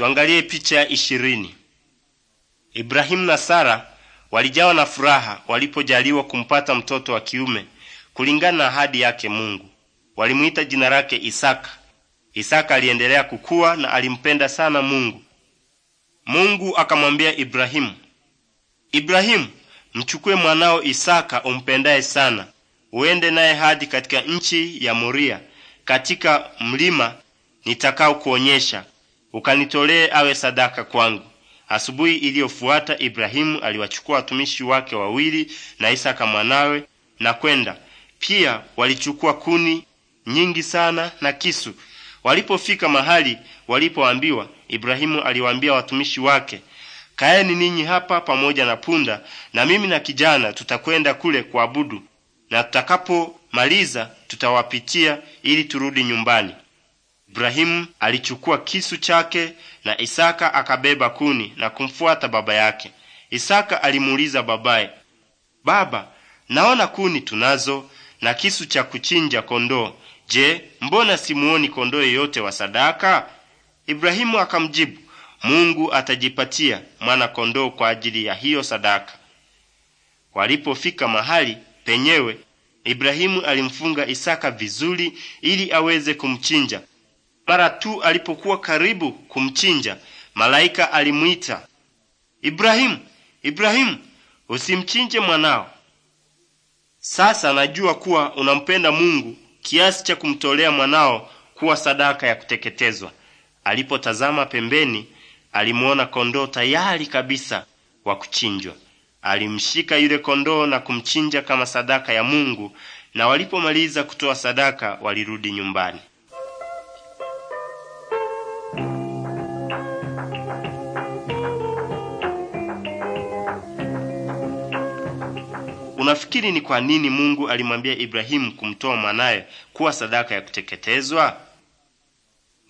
Tuangalie picha ya ishirini. Ibrahimu na Sara walijawa na furaha walipojaliwa kumpata mtoto wa kiume kulingana na ahadi yake Mungu. Walimuita jina lake Isaka. Isaka aliendelea kukua na alimpenda sana Mungu. Mungu akamwambia Ibrahimu, Ibrahimu, mchukue mwanao Isaka umpendaye sana, uende naye hadi katika nchi ya Moria, katika mlima nitakao kuonyesha ukanitolee awe sadaka kwangu. Asubuhi iliyofuata Ibrahimu aliwachukua watumishi wake wawili na Isaka mwanawe na kwenda. Pia walichukua kuni nyingi sana na kisu. Walipofika mahali walipoambiwa, Ibrahimu aliwaambia watumishi wake, kaeni ninyi hapa pamoja na punda, na mimi na kijana tutakwenda kule kuabudu, na tutakapomaliza tutawapitia ili turudi nyumbani. Ibrahimu alichukua kisu chake na Isaka akabeba kuni na kumfuata baba yake. Isaka alimuuliza babaye, Baba, naona kuni tunazo na kisu cha kuchinja kondoo. Je, mbona simuoni kondoo yeyote wa sadaka? Ibrahimu akamjibu, Mungu atajipatia mwana kondoo kwa ajili ya hiyo sadaka. Walipofika mahali penyewe, Ibrahimu alimfunga Isaka vizuri ili aweze kumchinja mara tu alipokuwa karibu kumchinja, malaika alimwita, Ibrahimu, Ibrahimu, usimchinje mwanao. Sasa najua kuwa unampenda Mungu kiasi cha kumtolea mwanao kuwa sadaka ya kuteketezwa. Alipotazama pembeni, alimwona kondoo tayari kabisa wa kuchinjwa. Alimshika yule kondoo na kumchinja kama sadaka ya Mungu, na walipomaliza kutoa sadaka walirudi nyumbani. Unafikiri ni kwa nini Mungu alimwambia Ibrahimu kumtoa mwanaye kuwa sadaka ya kuteketezwa?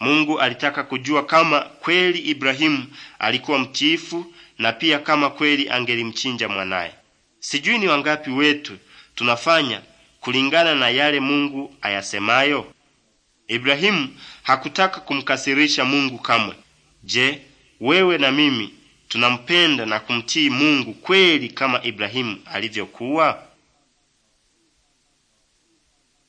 Mungu alitaka kujua kama kweli Ibrahimu alikuwa mtiifu na pia kama kweli angelimchinja mwanaye. Sijui ni wangapi wetu tunafanya kulingana na yale Mungu ayasemayo. Ibrahimu hakutaka kumkasirisha Mungu kamwe. Je, wewe na mimi tunampenda na kumtii Mungu kweli kama Ibrahimu alivyokuwa?